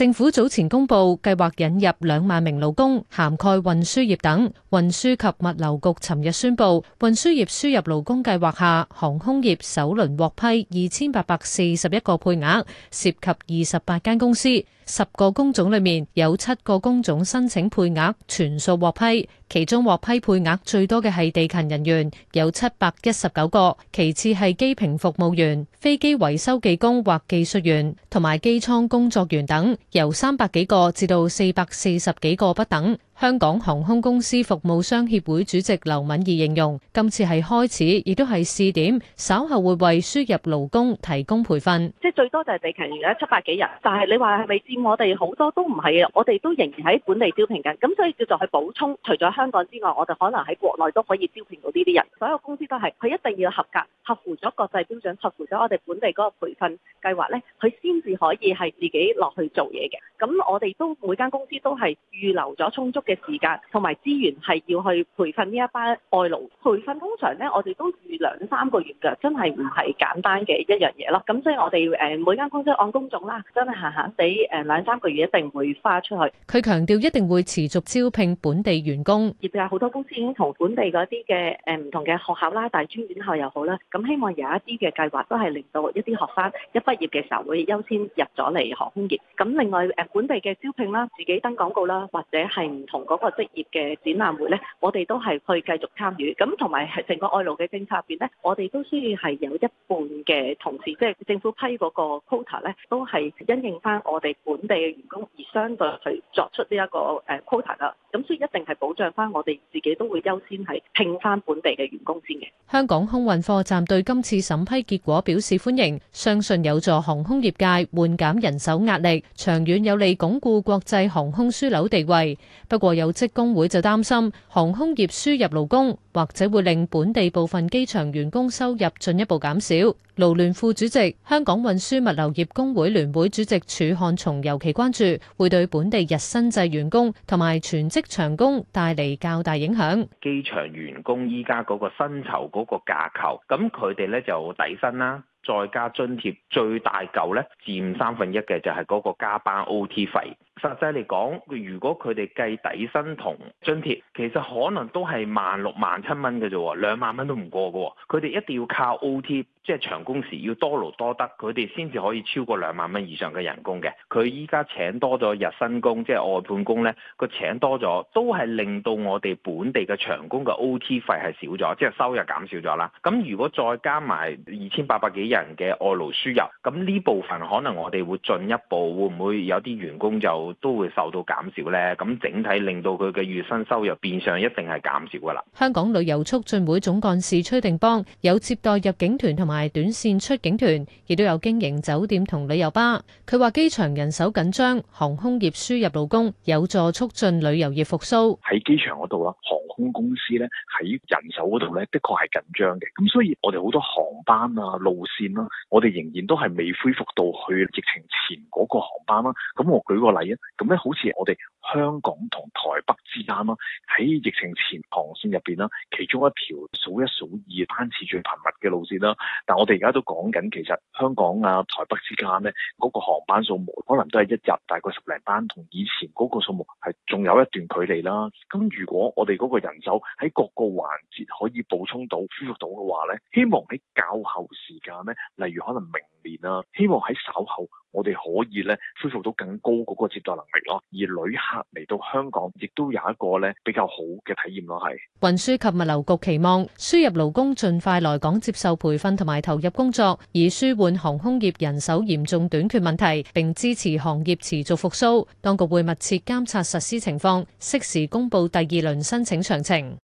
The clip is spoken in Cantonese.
政府早前公布計劃引入兩萬名勞工，涵蓋運輸業等。運輸及物流局尋日宣布，運輸業輸入勞工計劃下，航空業首輪獲批二千八百四十一個配額，涉及二十八間公司。十個工種裏面，有七個工種申請配額全數獲批，其中獲批配額最多嘅係地勤人員，有七百一十九個；其次係機坪服務員、飛機維修技工或技術員，同埋機艙工作員等，由三百幾個至到四百四十幾個不等。香港航空公司服務商協會主席劉敏儀形容：今次係開始，亦都係試點，稍後會為輸入勞工提供培訓。即係最多就係地勤員啦，七百幾人。但係你話係咪佔我哋好多都唔係嘅？我哋都仍然喺本地招聘緊，咁所以叫做係補充。除咗香港之外，我哋可能喺國內都可以招聘到呢啲人。所有公司都係，佢一定要合格，合乎咗國際標準，合乎咗我哋本地嗰個培訓計劃咧，佢先至可以係自己落去做嘢嘅。咁我哋都每間公司都係預留咗充足嘅時間同埋資源係要去培訓呢一班外勞，培訓通常咧我哋都預兩三個月㗎，真係唔係簡單嘅一樣嘢咯。咁所以我哋誒每間公司按工種啦，真係閒閒地誒兩三個月一定會花出去。佢強調一定會持續招聘本地員工，業界好多公司已經同本地嗰啲嘅誒唔同嘅學校啦、大專院校又好啦，咁希望有一啲嘅計劃都係令到一啲學生一畢業嘅時候會優先入咗嚟航空業。咁另外誒本地嘅招聘啦，自己登廣告啦，或者係唔同嗰個職業嘅展覽會咧，我哋都係去繼續參與。咁同埋係成個外勞嘅政策入邊咧，我哋都需要係有一半嘅同事，即係政府批嗰個 quota 咧，都係因應翻我哋本地嘅員工而相對去。作出呢一個誒 quota 啦，咁所以一定係保障翻我哋自己都會優先係聘翻本地嘅員工先嘅。香港空運貨站對今次審批結果表示歡迎，相信有助航空業界緩減人手壓力，長遠有利鞏固國際航空樞紐地位。不過有職工會就擔心航空業輸入勞工，或者會令本地部分機場員工收入進一步減少。勞聯副主席、香港運輸物流業工會聯會主席儲漢松尤其關注，會對本地日薪制員工同埋全職長工帶嚟較大影響。機場員工依家嗰個薪酬嗰個架構，咁佢哋咧就底薪啦。再加津貼最大嚿咧，佔三分一嘅就係嗰個加班 OT 費。實際嚟講，如果佢哋計底薪同津貼，其實可能都係萬六萬七蚊嘅啫，兩萬蚊都唔過嘅。佢哋一定要靠 OT。即係長工時要多勞多得，佢哋先至可以超過兩萬蚊以上嘅人工嘅。佢依家請多咗日薪工，即係外判工咧，佢請多咗都係令到我哋本地嘅長工嘅 OT 費係少咗，即係收入減少咗啦。咁如果再加埋二千八百幾人嘅外勞輸入，咁呢部分可能我哋會進一步，會唔會有啲員工就都會受到減少咧？咁整體令到佢嘅月薪收入變相一定係減少㗎喇。香港旅遊促進會總幹事崔定邦有接待入境團同。同埋短線出境團，亦都有經營酒店同旅遊巴。佢話機場人手緊張，航空業輸入勞工有助促進旅遊業復蘇。喺機場嗰度啦，航空公司咧喺人手嗰度咧的確係緊張嘅。咁所以我哋好多航班啊路線啦、啊，我哋仍然都係未恢復到去疫情前嗰個航班啦。咁我舉個例啊，咁咧好似我哋香港同台北，之間啦，喺疫情前航線入邊啦，其中一條數一數二班次最頻密嘅路線啦。但我哋而家都講緊，其實香港啊台北之間咧，嗰個航班數目可能都係一日大概十零班，同以前嗰個數目係仲有一段距離啦。咁如果我哋嗰個人手喺各個環節可以補充到恢復到嘅話咧，希望喺較後時間咧，例如可能明年啊，希望喺稍後。我哋可以咧，恢復到更高嗰個接待能力咯。而旅客嚟到香港，亦都有一個咧比較好嘅體驗咯。係運輸及物流局期望輸入勞工盡快來港接受培訓同埋投入工作，以舒緩航空業人手嚴重短缺問題，並支持行業持續復蘇，當局會密切監察實施情況，適時公布第二輪申請詳情。